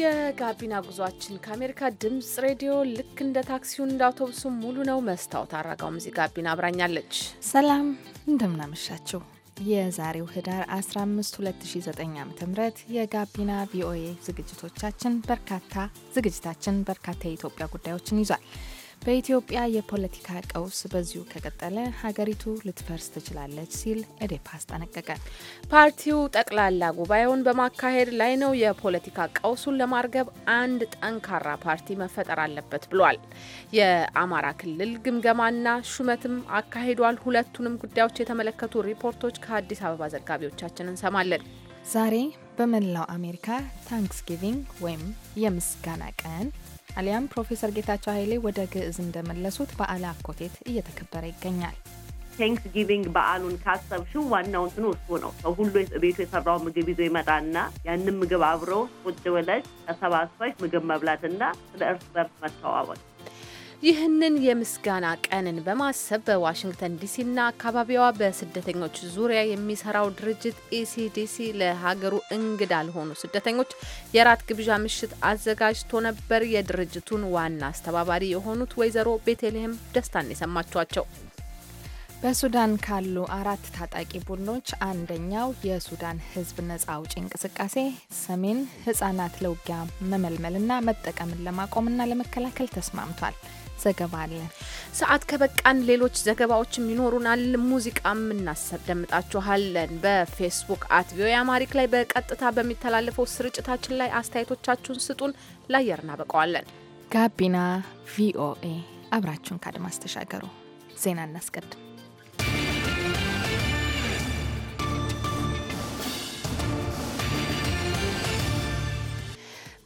የጋቢና ጉዟችን ከአሜሪካ ድምጽ ሬዲዮ ልክ እንደ ታክሲውን እንደ አውቶቡሱ ሙሉ ነው። መስታወት አረጋውም እዚህ ጋቢና አብራኛለች። ሰላም እንደምናመሻችው የዛሬው ህዳር 15 2009 ዓ ም የጋቢና ቪኦኤ ዝግጅቶቻችን በርካታ ዝግጅታችን በርካታ የኢትዮጵያ ጉዳዮችን ይዟል። በኢትዮጵያ የፖለቲካ ቀውስ በዚሁ ከቀጠለ ሀገሪቱ ልትፈርስ ትችላለች ሲል ኤዴፓ አስጠነቀቀ። ፓርቲው ጠቅላላ ጉባኤውን በማካሄድ ላይ ነው። የፖለቲካ ቀውሱን ለማርገብ አንድ ጠንካራ ፓርቲ መፈጠር አለበት ብሏል። የአማራ ክልል ግምገማና ሹመትም አካሂዷል። ሁለቱንም ጉዳዮች የተመለከቱ ሪፖርቶች ከአዲስ አበባ ዘጋቢዎቻችን እንሰማለን። ዛሬ በመላው አሜሪካ ታንክስጊቪንግ ወይም የምስጋና ቀን አሊያም ፕሮፌሰር ጌታቸው ኃይሌ ወደ ግዕዝ እንደመለሱት በዓለ አኮቴት እየተከበረ ይገኛል። ቴንክስ ጊቪንግ በዓሉን ካሰብሽው ዋናው እንትኑ እሱ ነው። ሰው ሁሉ ቤቱ የሰራው ምግብ ይዞ ይመጣና ያንን ምግብ አብረው ቁጭ ብለሽ ተሰባስበሽ ምግብ መብላትና ስለ እርስ በርስ መተዋወቅ ይህንን የምስጋና ቀንን በማሰብ በዋሽንግተን ዲሲና አካባቢዋ በስደተኞች ዙሪያ የሚሰራው ድርጅት ኢሲዲሲ ለሀገሩ እንግዳ ለሆኑ ስደተኞች የራት ግብዣ ምሽት አዘጋጅቶ ነበር። የድርጅቱን ዋና አስተባባሪ የሆኑት ወይዘሮ ቤተልሔም ደስታን የሰማችኋቸው። በሱዳን ካሉ አራት ታጣቂ ቡድኖች አንደኛው የሱዳን ሕዝብ ነጻ አውጪ እንቅስቃሴ ሰሜን ህጻናት ለውጊያ መመልመልና መጠቀምን ለማቆምና ለመከላከል ተስማምቷል። ዘገባ አለን። ሰዓት ከበቃን ሌሎች ዘገባዎችም ይኖሩናል። ሙዚቃም እናስደምጣችኋለን። በፌስቡክ አት ቪኦኤ አማሪክ ላይ በቀጥታ በሚተላለፈው ስርጭታችን ላይ አስተያየቶቻችሁን ስጡን፣ ለአየር እናበቀዋለን። ጋቢና ቪኦኤ አብራችሁን ከአድማስ ተሻገሩ። ዜና እናስቀድም።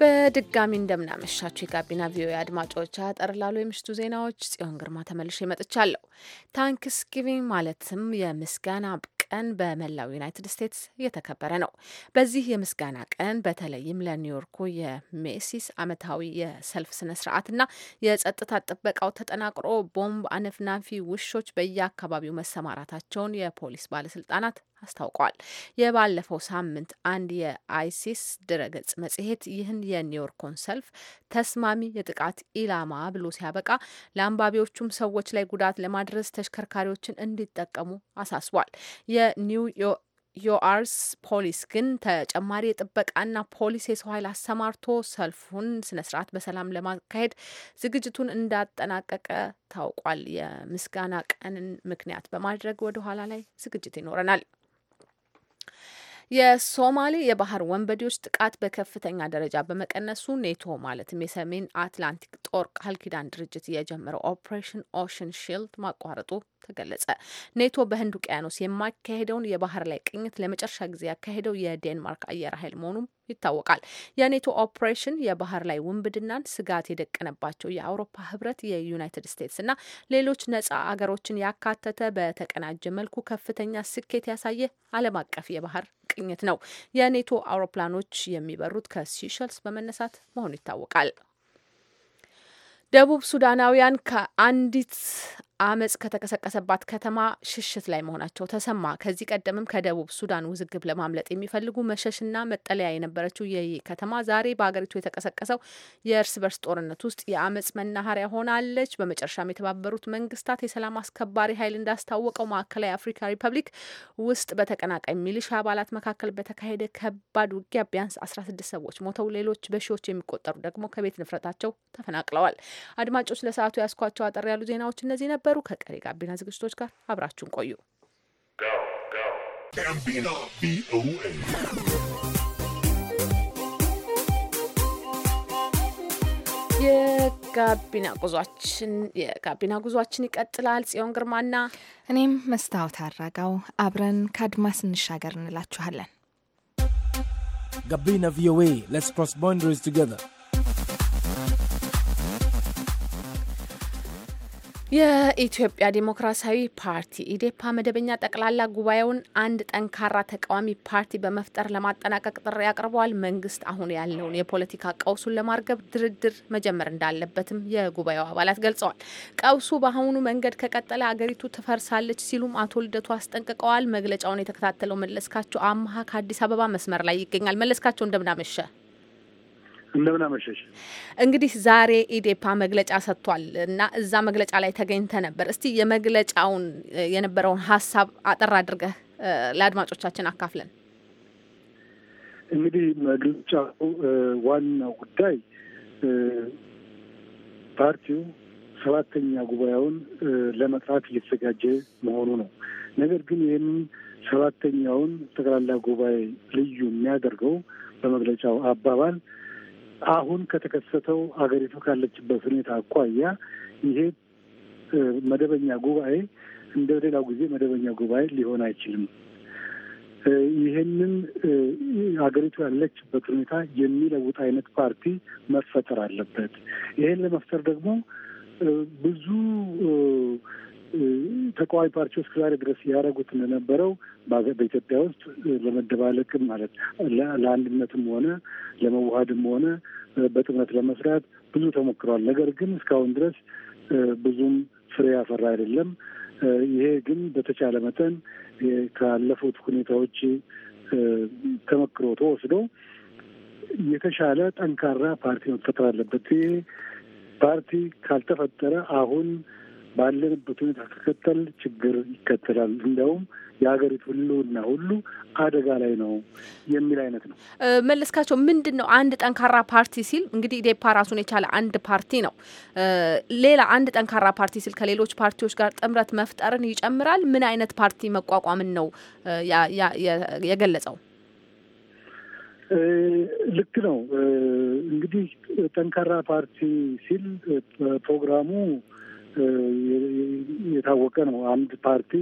በድጋሚ እንደምናመሻችሁ የጋቢና ቪዮ አድማጮች፣ አጠር ላሉ የምሽቱ ዜናዎች ጽዮን ግርማ ተመልሼ መጥቻለሁ። ታንክስጊቪንግ ማለትም የምስጋና ቀን በመላው ዩናይትድ ስቴትስ እየተከበረ ነው። በዚህ የምስጋና ቀን በተለይም ለኒውዮርኩ የሜሲስ አመታዊ የሰልፍ ስነ ስርዓትና የጸጥታ ጥበቃው ተጠናቅሮ ቦምብ አነፍናፊ ውሾች በየአካባቢው መሰማራታቸውን የፖሊስ ባለስልጣናት አስታውቋል። የባለፈው ሳምንት አንድ የአይሲስ ድረገጽ መጽሔት ይህን የኒውዮርኮን ሰልፍ ተስማሚ የጥቃት ኢላማ ብሎ ሲያበቃ ለአንባቢዎቹም ሰዎች ላይ ጉዳት ለማድረስ ተሽከርካሪዎችን እንዲጠቀሙ አሳስቧል። የኒውዮ ዩአርስ ፖሊስ ግን ተጨማሪ የጥበቃና ፖሊስ የሰው ኃይል አሰማርቶ ሰልፉን ስነስርዓት በሰላም ለማካሄድ ዝግጅቱን እንዳጠናቀቀ ታውቋል። የምስጋና ቀንን ምክንያት በማድረግ ወደ ኋላ ላይ ዝግጅት ይኖረናል። የሶማሌ የባህር ወንበዴዎች ጥቃት በከፍተኛ ደረጃ በመቀነሱ ኔቶ ማለትም የሰሜን አትላንቲክ ጦር ቃል ኪዳን ድርጅት የጀመረው ኦፕሬሽን ኦሽን ሺልድ ማቋረጡ ተገለጸ። ኔቶ በህንድ ውቅያኖስ የማካሄደውን የባህር ላይ ቅኝት ለመጨረሻ ጊዜ ያካሄደው የዴንማርክ አየር ኃይል መሆኑም ይታወቃል። የኔቶ ኦፕሬሽን የባህር ላይ ውንብድናን ስጋት የደቀነባቸው የአውሮፓ ህብረት፣ የዩናይትድ ስቴትስ እና ሌሎች ነጻ አገሮችን ያካተተ በተቀናጀ መልኩ ከፍተኛ ስኬት ያሳየ ዓለም አቀፍ የባህር ቅኝት ነው። የኔቶ አውሮፕላኖች የሚበሩት ከሲሸልስ በመነሳት መሆኑ ይታወቃል። ደቡብ ሱዳናውያን ከአንዲት አመፅ ከተቀሰቀሰባት ከተማ ሽሽት ላይ መሆናቸው ተሰማ። ከዚህ ቀደምም ከደቡብ ሱዳን ውዝግብ ለማምለጥ የሚፈልጉ መሸሽና መጠለያ የነበረችው ይህ ከተማ ዛሬ በሀገሪቱ የተቀሰቀሰው የእርስ በርስ ጦርነት ውስጥ የአመፅ መናኸሪያ ሆናለች። በመጨረሻም የተባበሩት መንግስታት የሰላም አስከባሪ ኃይል እንዳስታወቀው ማዕከላዊ አፍሪካ ሪፐብሊክ ውስጥ በተቀናቃኝ ሚሊሻ አባላት መካከል በተካሄደ ከባድ ውጊያ ቢያንስ አስራ ስድስት ሰዎች ሞተው ሌሎች በሺዎች የሚቆጠሩ ደግሞ ከቤት ንፍረታቸው ተፈናቅለዋል። አድማጮች ለሰዓቱ ያስኳቸው አጠር ያሉ ዜናዎች እነዚህ ነበር። ነበሩ። ከቀሪ ጋቢና ዝግጅቶች ጋር አብራችሁን ቆዩ። የጋቢና ጉዟችን የጋቢና ጉዟችን ይቀጥላል። ጽዮን ግርማና እኔም መስታወት አራጋው አብረን ከአድማስ እንሻገር እንላችኋለን። ጋቢና ቪኦኤ ሌትስ ክሮስ ቦንደሪስ ቱጌዘር የኢትዮጵያ ዴሞክራሲያዊ ፓርቲ ኢዴፓ መደበኛ ጠቅላላ ጉባኤውን አንድ ጠንካራ ተቃዋሚ ፓርቲ በመፍጠር ለማጠናቀቅ ጥሪ አቅርበዋል። መንግስት አሁን ያለውን የፖለቲካ ቀውሱን ለማርገብ ድርድር መጀመር እንዳለበትም የጉባኤው አባላት ገልጸዋል። ቀውሱ በአሁኑ መንገድ ከቀጠለ አገሪቱ ትፈርሳለች ሲሉም አቶ ልደቱ አስጠንቅቀዋል። መግለጫውን የተከታተለው መለስካቸው አምሀ ከአዲስ አበባ መስመር ላይ ይገኛል። መለስካቸው እንደምናመሸ እንደምን አመሸሽ። እንግዲህ ዛሬ ኢዴፓ መግለጫ ሰጥቷል እና እዛ መግለጫ ላይ ተገኝተ ነበር። እስቲ የመግለጫውን የነበረውን ሀሳብ አጠር አድርገህ ለአድማጮቻችን አካፍለን። እንግዲህ መግለጫው ዋናው ጉዳይ ፓርቲው ሰባተኛ ጉባኤውን ለመጥራት እየተዘጋጀ መሆኑ ነው። ነገር ግን ይህን ሰባተኛውን ጠቅላላ ጉባኤ ልዩ የሚያደርገው በመግለጫው አባባል አሁን ከተከሰተው አገሪቱ ካለችበት ሁኔታ አኳያ ይሄ መደበኛ ጉባኤ እንደ ሌላው ጊዜ መደበኛ ጉባኤ ሊሆን አይችልም። ይህንን አገሪቱ ያለችበት ሁኔታ የሚለውጥ አይነት ፓርቲ መፈጠር አለበት። ይህን ለመፍጠር ደግሞ ብዙ ተቃዋሚ ፓርቲዎች እስከዛሬ ድረስ ያደረጉት እንደነበረው በኢትዮጵያ ውስጥ ለመደባለቅም ማለት ለአንድነትም ሆነ ለመዋሃድም ሆነ በጥምረት ለመስራት ብዙ ተሞክሯል። ነገር ግን እስካሁን ድረስ ብዙም ፍሬ ያፈራ አይደለም። ይሄ ግን በተቻለ መጠን ካለፉት ሁኔታዎች ተመክሮ ተወስዶ የተሻለ ጠንካራ ፓርቲ መፈጠር አለበት። ይሄ ፓርቲ ካልተፈጠረ አሁን ባለንበት ሁኔታ ከከተል ችግር ይከተላል። እንዲያውም የሀገሪቱ እና ሁሉ አደጋ ላይ ነው የሚል አይነት ነው። መለስካቸው፣ ምንድን ነው አንድ ጠንካራ ፓርቲ ሲል እንግዲህ ኢዴፓ ራሱን የቻለ አንድ ፓርቲ ነው። ሌላ አንድ ጠንካራ ፓርቲ ሲል ከሌሎች ፓርቲዎች ጋር ጥምረት መፍጠርን ይጨምራል። ምን አይነት ፓርቲ መቋቋምን ነው የገለጸው? ልክ ነው እንግዲህ ጠንካራ ፓርቲ ሲል ፕሮግራሙ የታወቀ ነው። አንድ ፓርቲ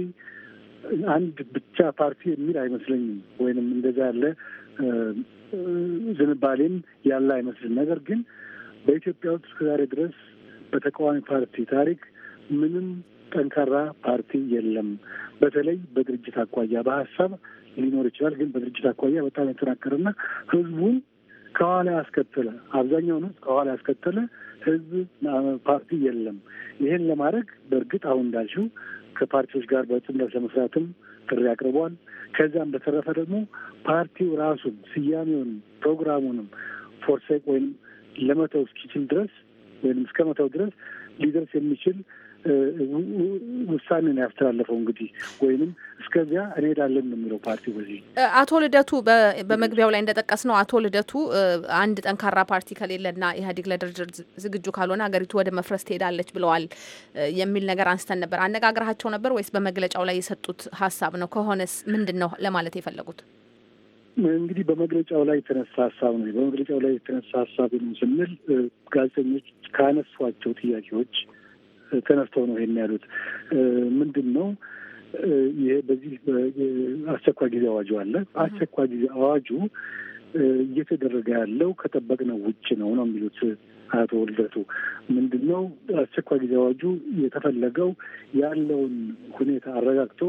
አንድ ብቻ ፓርቲ የሚል አይመስለኝም፣ ወይንም እንደዛ ያለ ዝንባሌም ያለ አይመስልም። ነገር ግን በኢትዮጵያ ውስጥ እስከዛሬ ድረስ በተቃዋሚ ፓርቲ ታሪክ ምንም ጠንካራ ፓርቲ የለም። በተለይ በድርጅት አኳያ በሀሳብ ሊኖር ይችላል፣ ግን በድርጅት አኳያ በጣም የተጠናከረና ህዝቡን ከኋላ ያስከተለ አብዛኛውን ህዝብ ከኋላ ያስከተለ ህዝብ ፓርቲ የለም። ይህን ለማድረግ በእርግጥ አሁን እንዳልሽው ከፓርቲዎች ጋር በጥምረት ለመስራትም ጥሪ አቅርቧል። ከዚያም በተረፈ ደግሞ ፓርቲው ራሱን ስያሜውንም ፕሮግራሙንም ፎርሴቅ ወይም ለመተው እስኪችል ድረስ ወይም እስከ መተው ድረስ ሊደርስ የሚችል ውሳኔ ያስተላለፈው። እንግዲህ ወይንም እስከዚያ እንሄዳለን የሚለው ፓርቲ። በዚህ አቶ ልደቱ በመግቢያው ላይ እንደጠቀስ ነው አቶ ልደቱ አንድ ጠንካራ ፓርቲ ከሌለና ኢህአዴግ ለድርድር ዝግጁ ካልሆነ ሀገሪቱ ወደ መፍረስ ትሄዳለች ብለዋል የሚል ነገር አንስተን ነበር። አነጋግራቸው ነበር ወይስ በመግለጫው ላይ የሰጡት ሀሳብ ነው? ከሆነስ ምንድን ነው ለማለት የፈለጉት? እንግዲህ በመግለጫው ላይ የተነሳ ሀሳብ ነው። በመግለጫው ላይ የተነሳ ሀሳብ ነው ስንል ጋዜጠኞች ካነሷቸው ጥያቄዎች ተነስተው ነው ይሄን ያሉት። ምንድን ነው ይሄ በዚህ አስቸኳይ ጊዜ አዋጁ አለ። አስቸኳይ ጊዜ አዋጁ እየተደረገ ያለው ከጠበቅነው ውጭ ነው ነው የሚሉት አቶ ልደቱ። ምንድን ነው አስቸኳይ ጊዜ አዋጁ የተፈለገው ያለውን ሁኔታ አረጋግቶ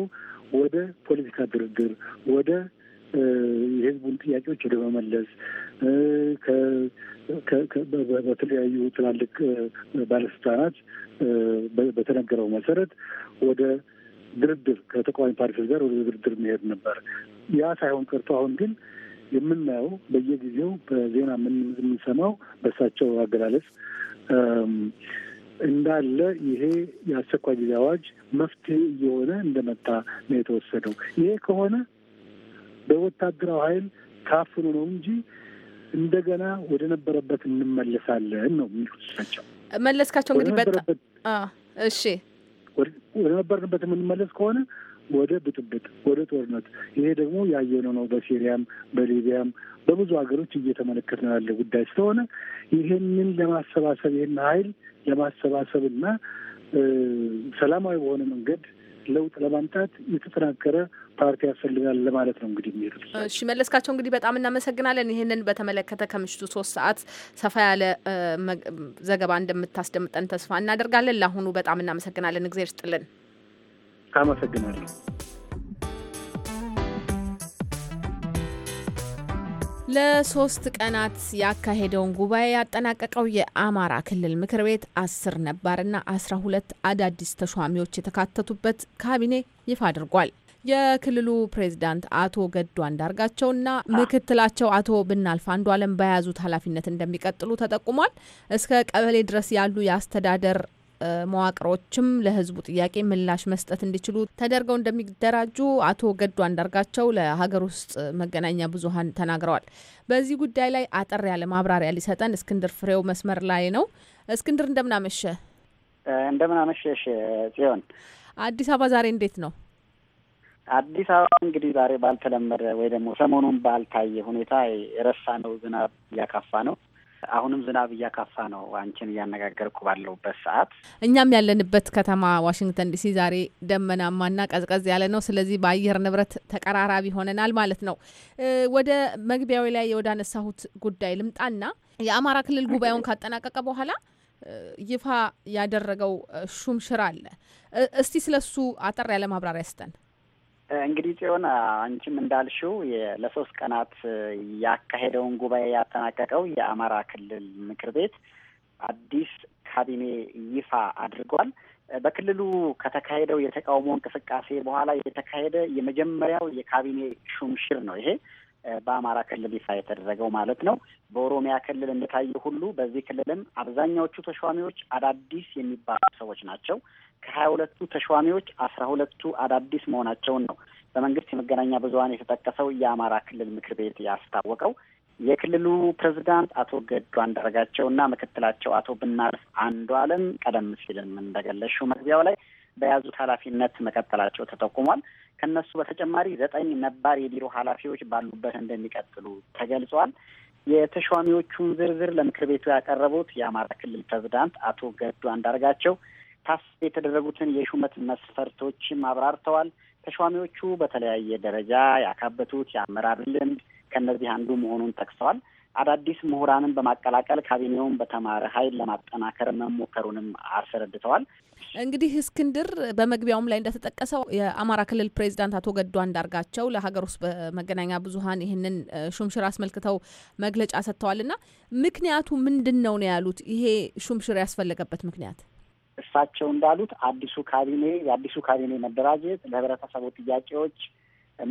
ወደ ፖለቲካ ድርድር ወደ የህዝቡን ጥያቄዎች ወደ መመለስ በተለያዩ ትላልቅ ባለስልጣናት በተነገረው መሰረት ወደ ድርድር ከተቃዋሚ ፓርቲዎች ጋር ወደ ድርድር መሄድ ነበር። ያ ሳይሆን ቀርቶ አሁን ግን የምናየው በየጊዜው በዜና የምንሰማው በእሳቸው አገላለጽ እንዳለ ይሄ የአስቸኳይ ጊዜ አዋጅ መፍትሄ እየሆነ እንደመጣ ነው የተወሰደው። ይሄ ከሆነ በወታደራዊ ኃይል ታፍኖ ነው እንጂ እንደገና ወደ ነበረበት እንመለሳለን ነው የሚሉት እሳቸው። መለስካቸው እንግዲህ በጣም እሺ፣ ወደ ነበርንበት የምንመለስ ከሆነ ወደ ብጥብጥ፣ ወደ ጦርነት ይሄ ደግሞ ያየነው ነው። በሲሪያም በሊቢያም በብዙ ሀገሮች እየተመለከት ነው ያለ ጉዳይ ስለሆነ ይህንን ለማሰባሰብ ይህን ኃይል ለማሰባሰብ እና ሰላማዊ በሆነ መንገድ ለውጥ ለማምጣት የተጠናከረ ፓርቲ ያስፈልጋል ለማለት ነው እንግዲህ የሚሄዱት። እሺ መለስካቸው፣ እንግዲህ በጣም እናመሰግናለን። ይህንን በተመለከተ ከምሽቱ ሶስት ሰዓት ሰፋ ያለ ዘገባ እንደምታስደምጠን ተስፋ እናደርጋለን። ለአሁኑ በጣም እናመሰግናለን። እግዜር ስጥልን። አመሰግናለሁ። ለሶስት ቀናት ያካሄደውን ጉባኤ ያጠናቀቀው የአማራ ክልል ምክር ቤት አስር ነባርና አስራ ሁለት አዳዲስ ተሿሚዎች የተካተቱበት ካቢኔ ይፋ አድርጓል። የክልሉ ፕሬዚዳንት አቶ ገዱ አንዳርጋቸውና ምክትላቸው አቶ ብናልፍ አንዱ አለም በያዙት ኃላፊነት እንደሚቀጥሉ ተጠቁሟል። እስከ ቀበሌ ድረስ ያሉ የአስተዳደር መዋቅሮችም ለህዝቡ ጥያቄ ምላሽ መስጠት እንዲችሉ ተደርገው እንደሚደራጁ አቶ ገዱ አንዳርጋቸው ለሀገር ውስጥ መገናኛ ብዙሀን ተናግረዋል። በዚህ ጉዳይ ላይ አጠር ያለ ማብራሪያ ሊሰጠን እስክንድር ፍሬው መስመር ላይ ነው። እስክንድር እንደምናመሸ እንደምናመሸሽ ጽዮን። አዲስ አበባ ዛሬ እንዴት ነው? አዲስ አበባ እንግዲህ ዛሬ ባልተለመደ ወይ ደግሞ ሰሞኑን ባልታየ ሁኔታ የረሳ ነው ዝናብ እያካፋ ነው አሁንም ዝናብ እያካፋ ነው። አንቺን እያነጋገርኩ ባለሁበት ሰዓት እኛም ያለንበት ከተማ ዋሽንግተን ዲሲ ዛሬ ደመናማና ቀዝቀዝ ያለ ነው። ስለዚህ በአየር ንብረት ተቀራራቢ ሆነናል ማለት ነው። ወደ መግቢያዊ ላይ ወዳነሳሁት ጉዳይ ልምጣና የአማራ ክልል ጉባኤውን ካጠናቀቀ በኋላ ይፋ ያደረገው ሹምሽር አለ። እስቲ ስለሱ አጠር ያለ ማብራሪያ ስጠን። እንግዲህ ጽዮን አንቺም እንዳልሽው ለሶስት ቀናት ያካሄደውን ጉባኤ ያጠናቀቀው የአማራ ክልል ምክር ቤት አዲስ ካቢኔ ይፋ አድርጓል። በክልሉ ከተካሄደው የተቃውሞ እንቅስቃሴ በኋላ የተካሄደ የመጀመሪያው የካቢኔ ሹምሽር ነው ይሄ በአማራ ክልል ይፋ የተደረገው ማለት ነው። በኦሮሚያ ክልል እንደታየ ሁሉ በዚህ ክልልም አብዛኛዎቹ ተሿሚዎች አዳዲስ የሚባሉ ሰዎች ናቸው። ከሀያ ሁለቱ ተሿሚዎች አስራ ሁለቱ አዳዲስ መሆናቸውን ነው በመንግስት የመገናኛ ብዙሀን የተጠቀሰው የአማራ ክልል ምክር ቤት ያስታወቀው። የክልሉ ፕሬዝዳንት አቶ ገዱ አንዳርጋቸው እና ምክትላቸው አቶ ብናልፍ አለም ቀደም ሲልም እንደገለሹ መግቢያው ላይ በያዙት ኃላፊነት መቀጠላቸው ተጠቁሟል። ከነሱ በተጨማሪ ዘጠኝ ነባር የቢሮ ኃላፊዎች ባሉበት እንደሚቀጥሉ ተገልጿል። የተሿሚዎቹን ዝርዝር ለምክር ቤቱ ያቀረቡት የአማራ ክልል ፕሬዝዳንት አቶ ገዱ አንዳርጋቸው ታስ የተደረጉትን የሹመት መስፈርቶችም አብራርተዋል። ተሿሚዎቹ በተለያየ ደረጃ ያካበቱት የአመራር ልምድ ከእነዚህ አንዱ መሆኑን ጠቅሰዋል። አዳዲስ ምሁራንን በማቀላቀል ካቢኔውን በተማረ ኃይል ለማጠናከር መሞከሩንም አስረድተዋል። እንግዲህ እስክንድር በመግቢያውም ላይ እንደተጠቀሰው የአማራ ክልል ፕሬዚዳንት አቶ ገዱ አንዳርጋቸው ለሀገር ውስጥ በመገናኛ ብዙኃን ይህንን ሹምሽር አስመልክተው መግለጫ ሰጥተዋል እና ምክንያቱ ምንድን ነው ነው ያሉት። ይሄ ሹምሽር ያስፈለገበት ምክንያት እሳቸው እንዳሉት አዲሱ ካቢኔ የአዲሱ ካቢኔ መደራጀት ለህብረተሰቡ ጥያቄዎች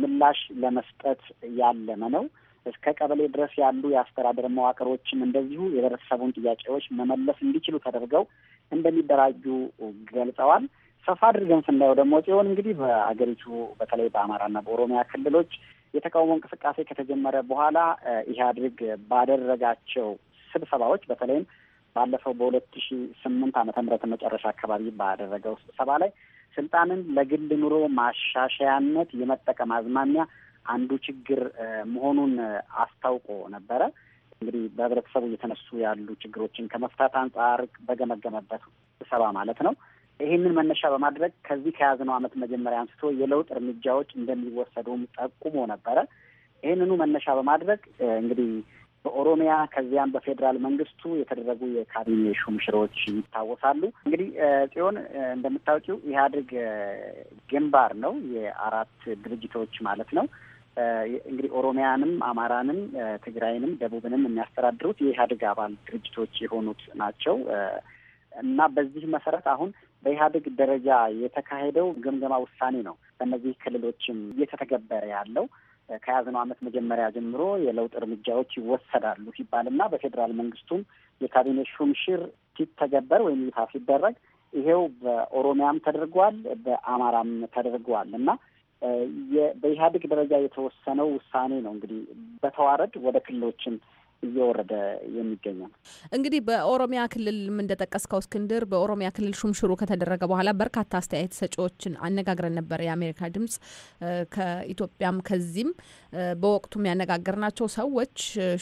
ምላሽ ለመስጠት ያለመ ነው። እስከ ቀበሌ ድረስ ያሉ የአስተዳደር መዋቅሮችም እንደዚሁ የህብረተሰቡን ጥያቄዎች መመለስ እንዲችሉ ተደርገው እንደሚደራጁ ገልጸዋል። ሰፋ አድርገን ስናየው ደግሞ ጽዮን እንግዲህ በአገሪቱ በተለይ በአማራና በኦሮሚያ ክልሎች የተቃውሞ እንቅስቃሴ ከተጀመረ በኋላ ኢህአድግ ባደረጋቸው ስብሰባዎች በተለይም ባለፈው በሁለት ሺ ስምንት ዓመተ ምህረት መጨረሻ አካባቢ ባደረገው ስብሰባ ላይ ስልጣንን ለግል ኑሮ ማሻሻያነት የመጠቀም አዝማሚያ አንዱ ችግር መሆኑን አስታውቆ ነበረ። እንግዲህ በህብረተሰቡ እየተነሱ ያሉ ችግሮችን ከመፍታት አንጻር በገመገመበት ስብሰባ ማለት ነው። ይህንን መነሻ በማድረግ ከዚህ ከያዝነው ዓመት መጀመሪያ አንስቶ የለውጥ እርምጃዎች እንደሚወሰዱም ጠቁሞ ነበረ። ይህንኑ መነሻ በማድረግ እንግዲህ በኦሮሚያ ከዚያም በፌዴራል መንግስቱ የተደረጉ የካቢኔ ሹምሽሮች ይታወሳሉ። እንግዲህ ጽዮን እንደምታውቂው ኢህአዴግ ግንባር ነው፣ የአራት ድርጅቶች ማለት ነው። እንግዲህ ኦሮሚያንም፣ አማራንም፣ ትግራይንም ደቡብንም የሚያስተዳድሩት የኢህአዴግ አባል ድርጅቶች የሆኑት ናቸው እና በዚህ መሰረት አሁን በኢህአዴግ ደረጃ የተካሄደው ግምገማ ውሳኔ ነው በእነዚህ ክልሎችም እየተተገበረ ያለው ከያዝነው ዓመት መጀመሪያ ጀምሮ የለውጥ እርምጃዎች ይወሰዳሉ ሲባልና በፌዴራል መንግስቱም የካቢኔ ሹምሽር ሲተገበር ወይም ይፋ ሲደረግ ይሄው በኦሮሚያም ተደርጓል፣ በአማራም ተደርጓል እና በኢህአዴግ ደረጃ የተወሰነው ውሳኔ ነው እንግዲህ በተዋረድ ወደ ክልሎችን እየወረደ የሚገኘው። እንግዲህ በኦሮሚያ ክልልም እንደጠቀስከው እስክንድር፣ በኦሮሚያ ክልል ሹምሽሩ ከተደረገ በኋላ በርካታ አስተያየት ሰጪዎችን አነጋግረን ነበር። የአሜሪካ ድምጽ ከኢትዮጵያም ከዚህም በወቅቱም ያነጋገርናቸው ሰዎች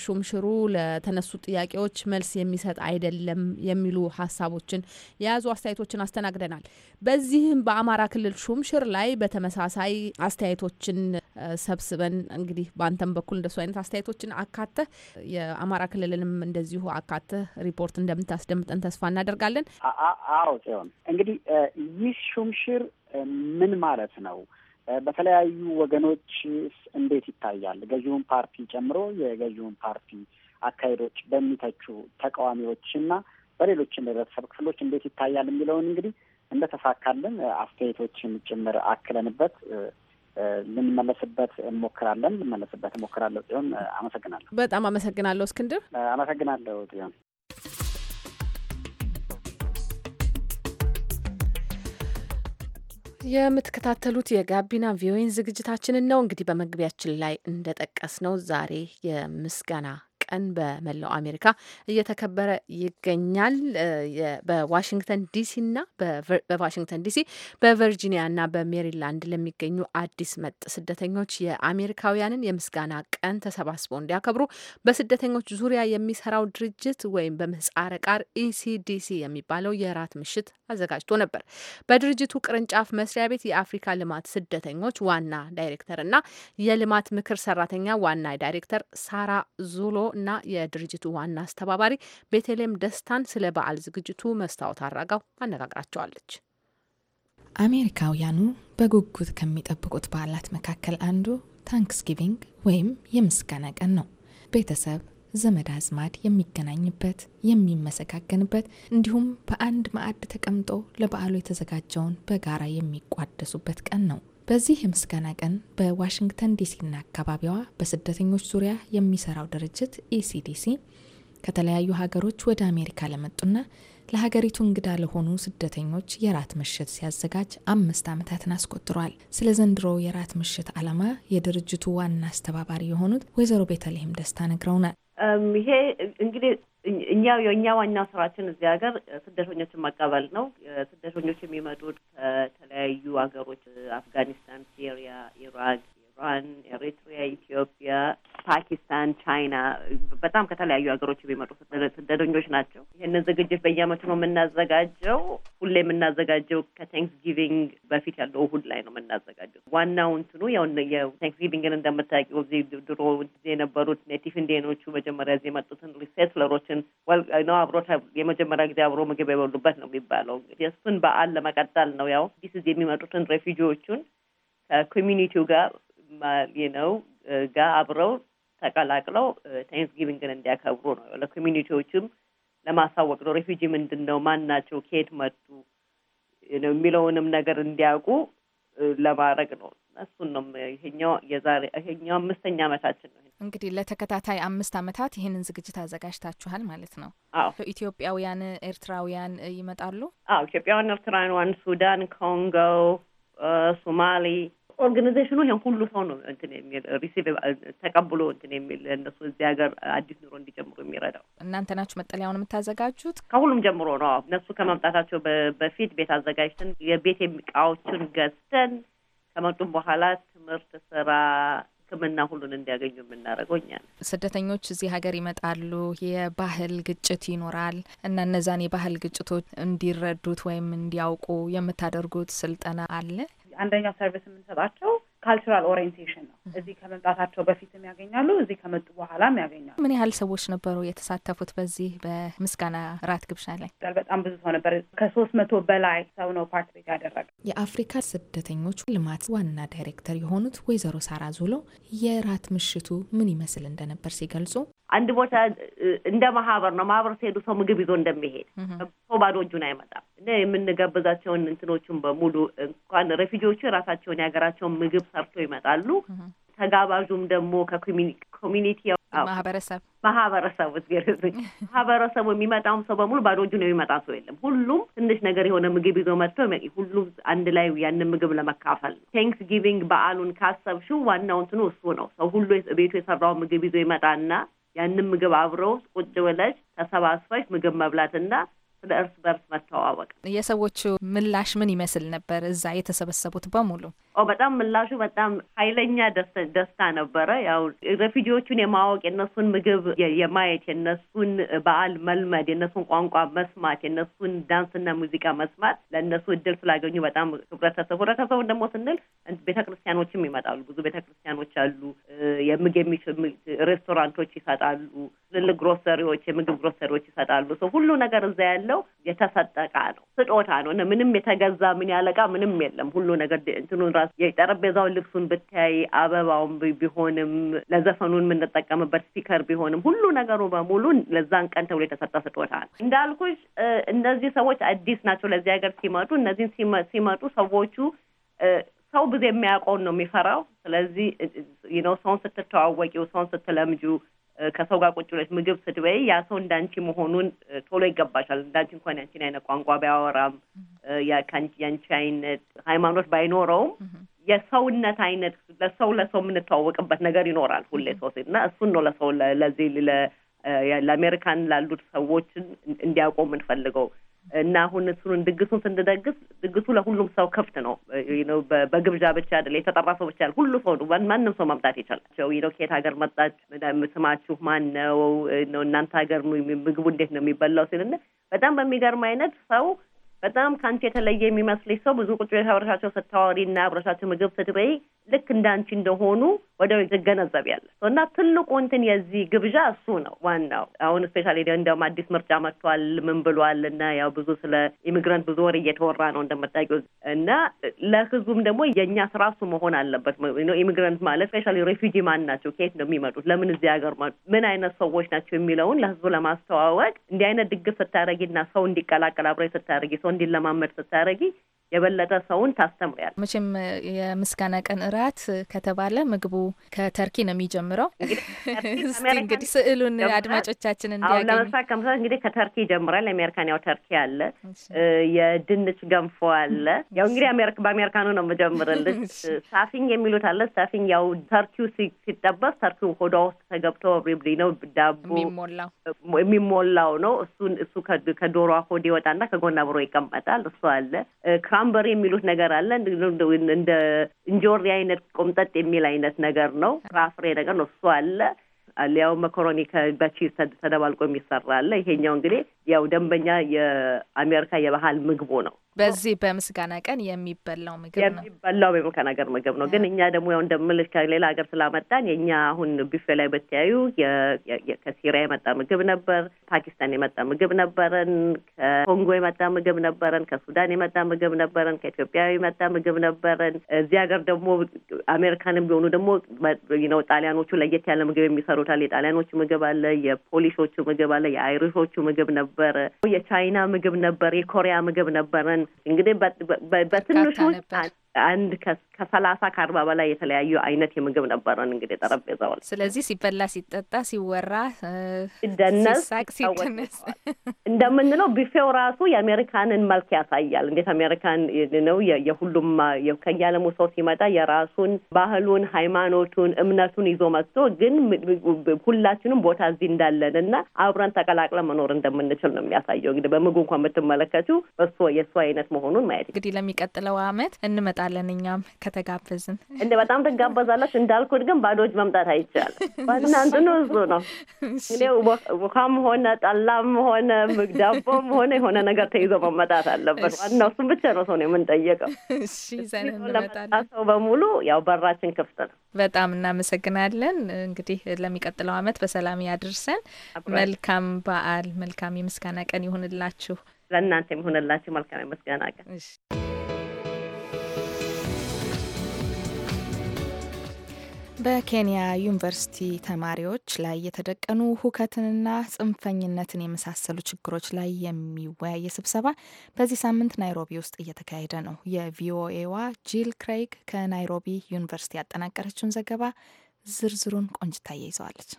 ሹምሽሩ ለተነሱ ጥያቄዎች መልስ የሚሰጥ አይደለም የሚሉ ሀሳቦችን የያዙ አስተያየቶችን አስተናግደናል። በዚህም በአማራ ክልል ሹምሽር ላይ በተመሳሳይ አስተያየቶችን ሰብስበን እንግዲህ በአንተም በኩል እንደሱ አይነት አስተያየቶችን አካተህ የአማራ ክልልንም እንደዚሁ አካትህ ሪፖርት እንደምታስደምጠን ተስፋ እናደርጋለን። አዎ ጽዮን፣ እንግዲህ ይህ ሹምሽር ምን ማለት ነው? በተለያዩ ወገኖች እንዴት ይታያል? ገዢውን ፓርቲ ጨምሮ የገዢውን ፓርቲ አካሄዶች በሚተቹ ተቃዋሚዎችና በሌሎችም ህብረተሰብ ክፍሎች እንዴት ይታያል የሚለውን እንግዲህ እንደተሳካልን አስተያየቶችን ጭምር አክለንበት ልንመለስበት እንሞክራለን ልንመለስበት እንሞክራለሁ። ጽዮን አመሰግናለሁ። በጣም አመሰግናለሁ እስክንድር። አመሰግናለሁ ጽዮን። የምትከታተሉት የጋቢና ቪኦኤን ዝግጅታችንን ነው። እንግዲህ በመግቢያችን ላይ እንደጠቀስ ነው ዛሬ የምስጋና ቀን በመላው አሜሪካ እየተከበረ ይገኛል። በዋሽንግተን ዲሲና በዋሽንግተን ዲሲ በቨርጂኒያና በሜሪላንድ ለሚገኙ አዲስ መጥ ስደተኞች የአሜሪካውያንን የምስጋና ቀን ተሰባስበው እንዲያከብሩ በስደተኞች ዙሪያ የሚሰራው ድርጅት ወይም በምህጻረ ቃር ኢሲዲሲ የሚባለው የራት ምሽት አዘጋጅቶ ነበር። በድርጅቱ ቅርንጫፍ መስሪያ ቤት የአፍሪካ ልማት ስደተኞች ዋና ዳይሬክተር እና የልማት ምክር ሰራተኛ ዋና ዳይሬክተር ሳራ ዙሎ እና የድርጅቱ ዋና አስተባባሪ ቤተልሔም ደስታን ስለ በዓል ዝግጅቱ መስታወት አራጋው አነጋግራቸዋለች። አሜሪካውያኑ በጉጉት ከሚጠብቁት በዓላት መካከል አንዱ ታንክስጊቪንግ ወይም የምስጋና ቀን ነው። ቤተሰብ ዘመድ አዝማድ የሚገናኝበት፣ የሚመሰጋገንበት እንዲሁም በአንድ ማዕድ ተቀምጦ ለበዓሉ የተዘጋጀውን በጋራ የሚቋደሱበት ቀን ነው። በዚህ የምስጋና ቀን በዋሽንግተን ዲሲና አካባቢዋ በስደተኞች ዙሪያ የሚሰራው ድርጅት ኢሲዲሲ e ከተለያዩ ሀገሮች ወደ አሜሪካ ለመጡና ለሀገሪቱ እንግዳ ለሆኑ ስደተኞች የራት ምሽት ሲያዘጋጅ አምስት ዓመታትን አስቆጥሯል። ስለ ዘንድሮ የራት ምሽት ዓላማ የድርጅቱ ዋና አስተባባሪ የሆኑት ወይዘሮ ቤተልሔም ደስታ ነግረውናል። ይሄ እንግዲህ እኛው የእኛ ዋናው ስራችን እዚህ ሀገር ስደተኞችን መቀበል ነው። ስደተኞች የሚመጡት ከተለያዩ ሀገሮች አፍጋኒስታን፣ ሲሪያ፣ ኢራቅ፣ ኢራን፣ ኤሪትሪያ፣ ኢትዮጵያ ፓኪስታን፣ ቻይና በጣም ከተለያዩ ሀገሮች የሚመጡ ስደተኞች ናቸው። ይህንን ዝግጅት በየዓመቱ ነው የምናዘጋጀው። ሁሌ የምናዘጋጀው ከታንክስጊቪንግ በፊት ያለው እሁድ ላይ ነው የምናዘጋጀው። ዋናው እንትኑ ታንክስጊቪንግን እንደምታውቂው እዚህ ድሮ የነበሩት ኔቲቭ ኢንዲያኖቹ መጀመሪያ እዚህ የመጡትን ሴትለሮችን ነው አብሮ የመጀመሪያ ጊዜ አብሮ ምግብ የበሉበት ነው የሚባለው። እሱን በዓል ለመቀጠል ነው ያው ዲስ እዚህ የሚመጡትን ሬፊጂዎቹን ከኮሚኒቲው ጋር ነው ጋር አብረው ተቀላቅለው ታንክስጊቪንግን እንዲያከብሩ ነው። ለኮሚኒቲዎችም ለማሳወቅ ነው። ሬፊጂ ምንድን ነው፣ ማን ናቸው፣ ከየት መጡ የሚለውንም ነገር እንዲያውቁ ለማድረግ ነው። እሱን ነው ይሄኛው የዛሬ ይሄኛው አምስተኛ ዓመታችን ነው። እንግዲህ ለተከታታይ አምስት ዓመታት ይህንን ዝግጅት አዘጋጅታችኋል ማለት ነው። አዎ ኢትዮጵያውያን ኤርትራውያን ይመጣሉ። አዎ ኢትዮጵያውያን ኤርትራውያን፣ ሱዳን፣ ኮንጎ፣ ሶማሌ ኦርጋናይዜሽኑ ይሄን ሁሉ ሰው ነው እንትን የሚል ሪሲቭ ተቀብሎ እንትን የሚል እነሱ እዚህ ሀገር አዲስ ኑሮ እንዲጀምሩ የሚረዳው እናንተ ናችሁ መጠለያውን የምታዘጋጁት? ከሁሉም ጀምሮ ነው። እነሱ ከመምጣታቸው በፊት ቤት አዘጋጅተን የቤት እቃዎችን ገዝተን ከመጡም በኋላ ትምህርት፣ ስራ፣ ሕክምና ሁሉን እንዲያገኙ የምናደርገው እኛ ነን። ስደተኞች እዚህ ሀገር ይመጣሉ። የባህል ግጭት ይኖራል እና እነዛን የባህል ግጭቶች እንዲረዱት ወይም እንዲያውቁ የምታደርጉት ስልጠና አለ? አንደኛው ሰርቪስ የምንሰጣቸው ካልቸራል ኦሪየንቴሽን ነው። እዚህ ከመምጣታቸው በፊትም ያገኛሉ፣ እዚህ ከመጡ በኋላም ያገኛሉ። ምን ያህል ሰዎች ነበሩ የተሳተፉት በዚህ በምስጋና ራት ግብዣ ላይ? በጣም ብዙ ሰው ነበር። ከሶስት መቶ በላይ ሰው ነው ፓርቲቤት ያደረገ። የአፍሪካ ስደተኞች ልማት ዋና ዳይሬክተር የሆኑት ወይዘሮ ሳራ ዙሎ የራት ምሽቱ ምን ይመስል እንደነበር ሲገልጹ አንድ ቦታ እንደ ማህበር ነው። ማህበር ሲሄዱ ሰው ምግብ ይዞ እንደሚሄድ ሰው ባዶ እጁን አይመጣም እ የምንጋበዛቸውን እንትኖቹን በሙሉ እንኳን ሬፊጂዎቹ የራሳቸውን የሀገራቸውን ምግብ ሰርቶ ይመጣሉ። ተጋባዡም ደግሞ ከኮሚኒቲ ማህበረሰብ ማህበረሰብ ማህበረሰቡ የሚመጣውም ሰው በሙሉ ባዶ ነው የሚመጣ ሰው የለም። ሁሉም ትንሽ ነገር የሆነ ምግብ ይዞ መጥቶ ሁሉም አንድ ላይ ያንን ምግብ ለመካፈል ነው። ቴንክስ ጊቪንግ በዓሉን ካሰብሽው ዋናው እንትኑ እሱ ነው። ሰው ሁሉ ቤቱ የሰራውን ምግብ ይዞ ይመጣና ያንን ምግብ አብረው ቁጭ ብለሽ ተሰባስበሽ ምግብ መብላትና እርስ በርስ መተዋወቅ። የሰዎቹ ምላሽ ምን ይመስል ነበር? እዛ የተሰበሰቡት በሙሉ በጣም ምላሹ በጣም ኃይለኛ ደስታ ነበረ። ያው ሬፊጂዎቹን የማወቅ የነሱን ምግብ የማየት የነሱን በዓል መልመድ የነሱን ቋንቋ መስማት የነሱን ዳንስና ሙዚቃ መስማት ለእነሱ እድል ስላገኙ በጣም ህብረተሰቡ ህብረተሰቡን ደግሞ ስንል ቤተ ክርስቲያኖችም ይመጣሉ። ብዙ ቤተ ክርስቲያኖች አሉ። የምግብ ሬስቶራንቶች ይሰጣሉ። ትልልቅ ግሮሰሪዎች፣ የምግብ ግሮሰሪዎች ይሰጣሉ። ሁሉ ነገር እዛ ያለው ነው የተሰጠቃ ነው ስጦታ ነው። ምንም የተገዛ ምን ያለቃ ምንም የለም። ሁሉ ነገር እንትኑን ራሱ የጠረጴዛውን ልብሱን ብታይ አበባውን ቢሆንም ለዘፈኑን የምንጠቀምበት ስፒከር ቢሆንም ሁሉ ነገሩ በሙሉ ለዛን ቀን ተብሎ የተሰጠ ስጦታ ነው። እንዳልኩሽ እነዚህ ሰዎች አዲስ ናቸው ለዚህ ሀገር ሲመጡ። እነዚህን ሲመጡ ሰዎቹ ሰው ብዙ የሚያውቀውን ነው የሚፈራው። ስለዚህ ነው ሰውን ስትተዋወቂው፣ ሰውን ስትለምጁ ከሰው ጋር ቁጭ ብለሽ ምግብ ስትበይ ያ ሰው እንዳንቺ መሆኑን ቶሎ ይገባሻል። እንዳንቺ እንኳን ያንቺን አይነት ቋንቋ ባያወራም ያንቺ አይነት ሃይማኖት ባይኖረውም የሰውነት አይነት ለሰው ለሰው የምንተዋወቅበት ነገር ይኖራል ሁሌ ሰው እና እሱን ነው ለሰው ለዚህ ለአሜሪካን ላሉት ሰዎችን እንዲያውቁ የምንፈልገው እና አሁን እሱን ድግሱን ስንደግስ ድግሱ ለሁሉም ሰው ክፍት ነው። ነው በግብዣ ብቻ አይደለ የተጠራ ሰው ብቻ ሁሉ ሰው ነው፣ ማንም ሰው መምጣት ይቻላቸው። ነው ከየት ሀገር መጣች፣ ስማችሁ ማን ነው፣ እናንተ ሀገር ምግቡ እንዴት ነው የሚበላው ሲል በጣም በሚገርም አይነት ሰው በጣም ከአንቺ የተለየ የሚመስልሽ ሰው ብዙ ቁጭ ቤት አብረሻቸው ስታወሪ እና አብረሻቸው ምግብ ስትበይ ልክ እንደ አንቺ እንደሆኑ ወደ ትገነዘብ ያለ እና ትልቁ እንትን የዚህ ግብዣ እሱ ነው ዋናው። አሁን ስፔሻሊ እንደውም አዲስ ምርጫ መጥቷል ምን ብሏል እና ያው ብዙ ስለ ኢሚግራንት ብዙ ወር እየተወራ ነው እንደምታውቂው እና ለህዝቡም ደግሞ የእኛ ስራ እሱ መሆን አለበት። ኢሚግራንት ማለት ስፔሻሊ ሬፊጂ ማን ናቸው፣ ከየት ነው የሚመጡት፣ ለምን እዚህ ሀገር መጡ፣ ምን አይነት ሰዎች ናቸው የሚለውን ለህዝቡ ለማስተዋወቅ እንዲህ አይነት ድግፍ ስታደረጊ ስታደረጊና ሰው እንዲቀላቀል አብረ ስታደረጊ ሰው እንዲለማመድ ስታደረጊ የበለጠ ሰውን ታስተምሪያል። መቼም የምስጋና ቀን እራት ከተባለ ምግቡ ከተርኪ ነው የሚጀምረው። እንግዲህ ስዕሉን አድማጮቻችን እንዲያገኙ ለምሳሌ ከምሳሌ እንግዲህ ከተርኪ ይጀምራል። የአሜሪካን ያው ተርኪ አለ፣ የድንች ገንፎ አለ። ያው እንግዲህ በአሜሪካኑ ነው የምጀምርልሽ። ሳፊንግ የሚሉት አለ። ሳፊንግ ያው ተርኪው ሲጠበስ ተርኪው ሆዷ ውስጥ ተገብቶ ሪብሊ ነው ዳቦ የሚሞላው ነው። እሱን እሱ ከዶሮ ሆድ ይወጣና ከጎን አብሮ ይቀመጣል። እሱ አለ ካምበር የሚሉት ነገር አለ። እንደ እንጆሪ አይነት ቆምጠጥ የሚል አይነት ነገር ነው፣ ፍራፍሬ ነገር ነው። እሱ አለ። ያው መኮሮኒ በቺዝ ተደባልቆ የሚሰራ አለ። ይሄኛው እንግዲህ ያው ደንበኛ የአሜሪካ የባህል ምግቡ ነው። በዚህ በምስጋና ቀን የሚበላው ምግብ ነው የሚበላው የምስጋና ቀን ምግብ ነው። ግን እኛ ደግሞ ያው እንደምልሽ ከሌላ ሀገር ስላመጣን የእኛ አሁን ቢፌ ላይ በተያዩ ከሲሪያ የመጣ ምግብ ነበር፣ ፓኪስታን የመጣ ምግብ ነበረን፣ ከኮንጎ የመጣ ምግብ ነበረን፣ ከሱዳን የመጣ ምግብ ነበረን፣ ከኢትዮጵያ የመጣ ምግብ ነበረን። እዚህ ሀገር ደግሞ አሜሪካንም ቢሆኑ ደግሞ ነው ጣሊያኖቹ ለየት ያለ ምግብ የሚሰሩታል። የጣሊያኖቹ ምግብ አለ፣ የፖሊሾቹ ምግብ አለ፣ የአይሪሾቹ ምግብ ነበር ነበር፣ የቻይና ምግብ ነበር፣ የኮሪያ ምግብ ነበርን። እንግዲህ በትንሹ አንድ ከሱ ከሰላሳ ከአርባ በላይ የተለያዩ አይነት የምግብ ነበረን እንግዲህ ጠረጴዛው ላይ። ስለዚህ ሲበላ፣ ሲጠጣ፣ ሲወራ፣ ሲደነስ ሲደነስ እንደምንለው ቢፌው ራሱ የአሜሪካንን መልክ ያሳያል። እንዴት አሜሪካን ነው የሁሉም ከያለሙ ሰው ሲመጣ የራሱን ባህሉን፣ ሃይማኖቱን፣ እምነቱን ይዞ መጥቶ ግን ሁላችንም ቦታ እዚህ እንዳለን እና አብረን ተቀላቅለን መኖር እንደምንችል ነው የሚያሳየው። እንግዲህ በምግብ እንኳን የምትመለከቱ እሱ የእሱ አይነት መሆኑን ማየት እንግዲህ ለሚቀጥለው አመት እንመጣለን እኛም ከተጋበዝን እንደ በጣም ትጋበዛላችሁ። እንዳልኩት ግን ባዶ እጅ መምጣት አይቻልም። ዋናንትኑ እሱ ነው። እንግዲህ ውሃም ሆነ ጠላም ሆነ ዳቦም ሆነ የሆነ ነገር ተይዞ መመጣት አለበት። ዋናው እሱም ብቻ ነው። ሰው ነው የምንጠየቀው። ለመጣ ሰው በሙሉ ያው በራችን ክፍት ነው። በጣም እናመሰግናለን። እንግዲህ ለሚቀጥለው አመት በሰላም ያድርሰን። መልካም በዓል፣ መልካም የምስጋና ቀን ይሁንላችሁ። ለእናንተ የሚሆንላችሁ መልካም የምስጋና ቀን በኬንያ ዩኒቨርሲቲ ተማሪዎች ላይ የተደቀኑ ሁከትንና ጽንፈኝነትን የመሳሰሉ ችግሮች ላይ የሚወያይ ስብሰባ በዚህ ሳምንት ናይሮቢ ውስጥ እየተካሄደ ነው። የቪኦኤዋ ጂል ክሬይግ ከናይሮቢ ዩኒቨርሲቲ ያጠናቀረችውን ዘገባ ዝርዝሩን ቆንጅታ ይዘዋለች።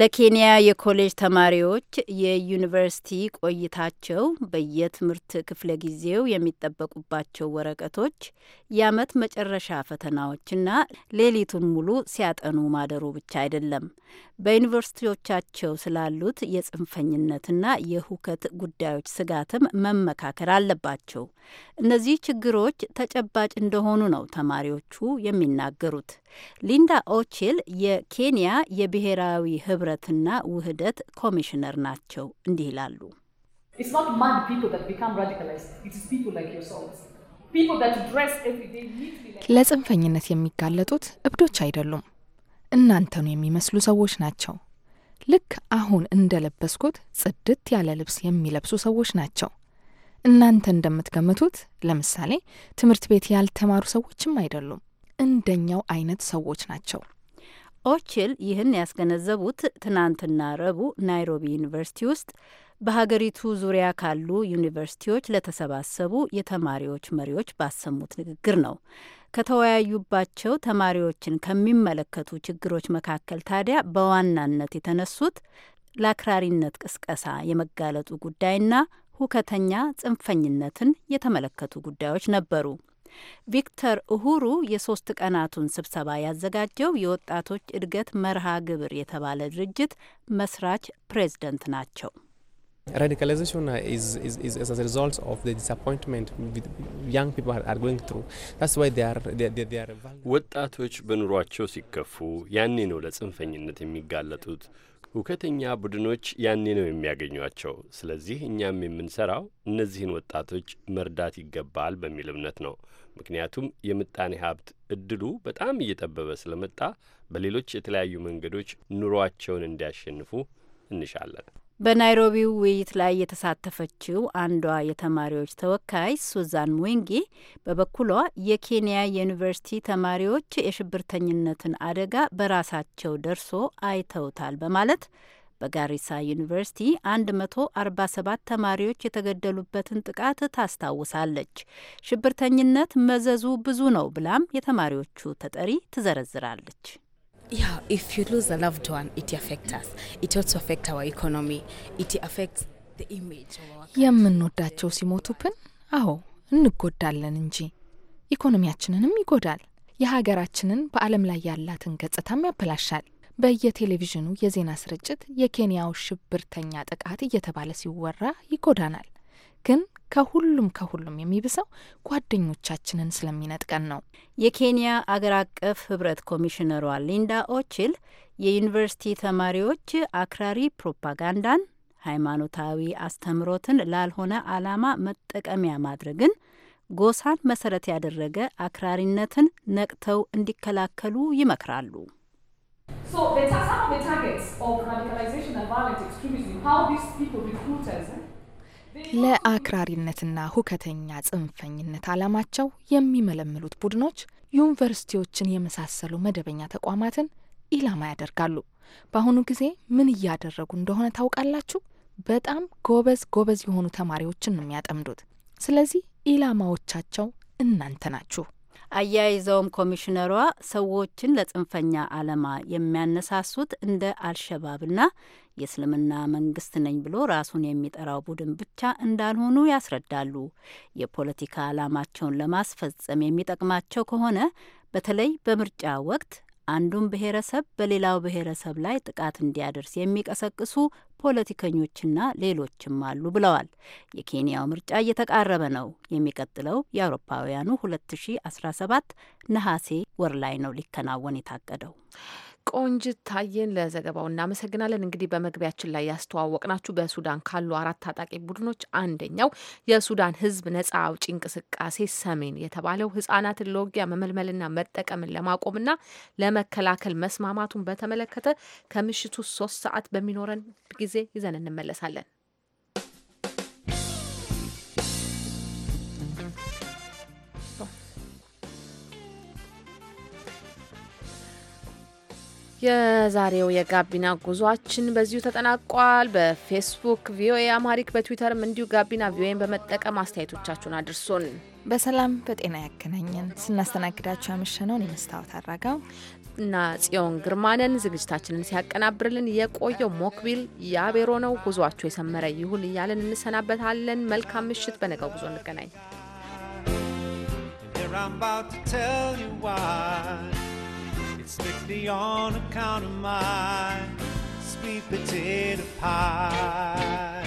ለኬንያ የኮሌጅ ተማሪዎች የዩኒቨርሲቲ ቆይታቸው በየትምህርት ክፍለ ጊዜው የሚጠበቁባቸው ወረቀቶች፣ የዓመት መጨረሻ ፈተናዎችና ሌሊቱን ሙሉ ሲያጠኑ ማደሩ ብቻ አይደለም። በዩኒቨርሲቲዎቻቸው ስላሉት የጽንፈኝነትና የሁከት ጉዳዮች ስጋትም መመካከር አለባቸው። እነዚህ ችግሮች ተጨባጭ እንደሆኑ ነው ተማሪዎቹ የሚናገሩት። ሊንዳ ኦችል የኬንያ የብሔራዊ ህብ ህብረትና ውህደት ኮሚሽነር ናቸው። እንዲህ ይላሉ። ለጽንፈኝነት የሚጋለጡት እብዶች አይደሉም፣ እናንተኑ የሚመስሉ ሰዎች ናቸው። ልክ አሁን እንደለበስኩት ጽድት ያለ ልብስ የሚለብሱ ሰዎች ናቸው። እናንተ እንደምትገምቱት ለምሳሌ ትምህርት ቤት ያልተማሩ ሰዎችም አይደሉም። እንደኛው አይነት ሰዎች ናቸው። ኦችል ይህን ያስገነዘቡት ትናንትና ረቡዕ ናይሮቢ ዩኒቨርሲቲ ውስጥ በሀገሪቱ ዙሪያ ካሉ ዩኒቨርሲቲዎች ለተሰባሰቡ የተማሪዎች መሪዎች ባሰሙት ንግግር ነው። ከተወያዩባቸው ተማሪዎችን ከሚመለከቱ ችግሮች መካከል ታዲያ በዋናነት የተነሱት ለአክራሪነት ቅስቀሳ የመጋለጡ ጉዳይና ሁከተኛ ጽንፈኝነትን የተመለከቱ ጉዳዮች ነበሩ። ቪክተር እሁሩ የሶስት ቀናቱን ስብሰባ ያዘጋጀው የወጣቶች እድገት መርሃ ግብር የተባለ ድርጅት መስራች ፕሬዝደንት ናቸው። ወጣቶች በኑሯቸው ሲከፉ ያኔ ነው ለጽንፈኝነት የሚጋለጡት። ሁከተኛ ቡድኖች ያኔ ነው የሚያገኟቸው። ስለዚህ እኛም የምንሰራው እነዚህን ወጣቶች መርዳት ይገባል በሚል እምነት ነው። ምክንያቱም የምጣኔ ሀብት እድሉ በጣም እየጠበበ ስለመጣ በሌሎች የተለያዩ መንገዶች ኑሯቸውን እንዲያሸንፉ እንሻለን። በናይሮቢው ውይይት ላይ የተሳተፈችው አንዷ የተማሪዎች ተወካይ ሱዛን ሙንጊ በበኩሏ የኬንያ ዩኒቨርሲቲ ተማሪዎች የሽብርተኝነትን አደጋ በራሳቸው ደርሶ አይተውታል በማለት በጋሪሳ ዩኒቨርሲቲ 147 ተማሪዎች የተገደሉበትን ጥቃት ታስታውሳለች። ሽብርተኝነት መዘዙ ብዙ ነው ብላም የተማሪዎቹ ተጠሪ ትዘረዝራለች። የምንወዳቸው ሲሞቱብን፣ አዎ እንጎዳለን እንጂ ኢኮኖሚያችንንም ይጎዳል። የሀገራችንን በዓለም ላይ ያላትን ገጽታም ያበላሻል። በየቴሌቪዥኑ የዜና ስርጭት የኬንያው ሽብርተኛ ጥቃት እየተባለ ሲወራ ይጎዳናል። ግን ከሁሉም ከሁሉም የሚብሰው ጓደኞቻችንን ስለሚነጥቀን ነው። የኬንያ አገር አቀፍ ህብረት ኮሚሽነሯ ሊንዳ ኦችል የዩኒቨርሲቲ ተማሪዎች አክራሪ ፕሮፓጋንዳን፣ ሃይማኖታዊ አስተምሮትን ላልሆነ ዓላማ መጠቀሚያ ማድረግን፣ ጎሳን መሰረት ያደረገ አክራሪነትን ነቅተው እንዲከላከሉ ይመክራሉ። So the some of the targets of radicalization and violent extremism, how these people recruiters eh? ለአክራሪነትና ሁከተኛ ጽንፈኝነት ዓላማቸው የሚመለምሉት ቡድኖች ዩኒቨርሲቲዎችን የመሳሰሉ መደበኛ ተቋማትን ኢላማ ያደርጋሉ። በአሁኑ ጊዜ ምን እያደረጉ እንደሆነ ታውቃላችሁ? በጣም ጎበዝ ጎበዝ የሆኑ ተማሪዎችን ነው የሚያጠምዱት። ስለዚህ ኢላማዎቻቸው እናንተ ናችሁ። አያይዘውም ኮሚሽነሯ ሰዎችን ለጽንፈኛ አለማ የሚያነሳሱት እንደ አልሸባብና የእስልምና መንግስት ነኝ ብሎ ራሱን የሚጠራው ቡድን ብቻ እንዳልሆኑ ያስረዳሉ። የፖለቲካ አላማቸውን ለማስፈጸም የሚጠቅማቸው ከሆነ በተለይ በምርጫ ወቅት አንዱን ብሔረሰብ በሌላው ብሔረሰብ ላይ ጥቃት እንዲያደርስ የሚቀሰቅሱ ፖለቲከኞችና ሌሎችም አሉ ብለዋል። የኬንያው ምርጫ እየተቃረበ ነው። የሚቀጥለው የአውሮፓውያኑ 2017 ነሐሴ ወር ላይ ነው ሊከናወን የታቀደው። ቆንጅት ታየን ለዘገባው እናመሰግናለን። እንግዲህ በመግቢያችን ላይ ያስተዋወቅናችሁ በሱዳን ካሉ አራት ታጣቂ ቡድኖች አንደኛው የሱዳን ሕዝብ ነጻ አውጪ እንቅስቃሴ ሰሜን የተባለው ህጻናትን ለውጊያ መመልመልና መጠቀምን ለማቆምና ለመከላከል መስማማቱን በተመለከተ ከምሽቱ ሶስት ሰዓት በሚኖረን ጊዜ ይዘን እንመለሳለን። የዛሬው የጋቢና ጉዟችን በዚሁ ተጠናቋል። በፌስቡክ ቪኦኤ አማሪክ፣ በትዊተርም እንዲሁ ጋቢና ቪኦኤን በመጠቀም አስተያየቶቻችሁን አድርሱን። በሰላም በጤና ያገናኘን። ስናስተናግዳችሁ ያመሸነውን የመስታወት አራጋው እና ጽዮን ግርማንን ዝግጅታችንን ሲያቀናብርልን የቆየው ሞክቢል ያቤሮ ነው። ጉዟችሁ የሰመረ ይሁን እያለን እንሰናበታለን። መልካም ምሽት። በነገው ጉዞ እንገናኝ። strictly on account of my sweet potato pie.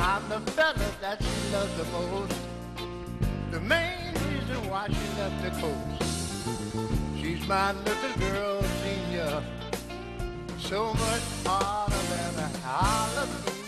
I'm the fella that she loves the most, the main reason why she left the coast. She's my little girl, senior. So much hotter than a hallelujah.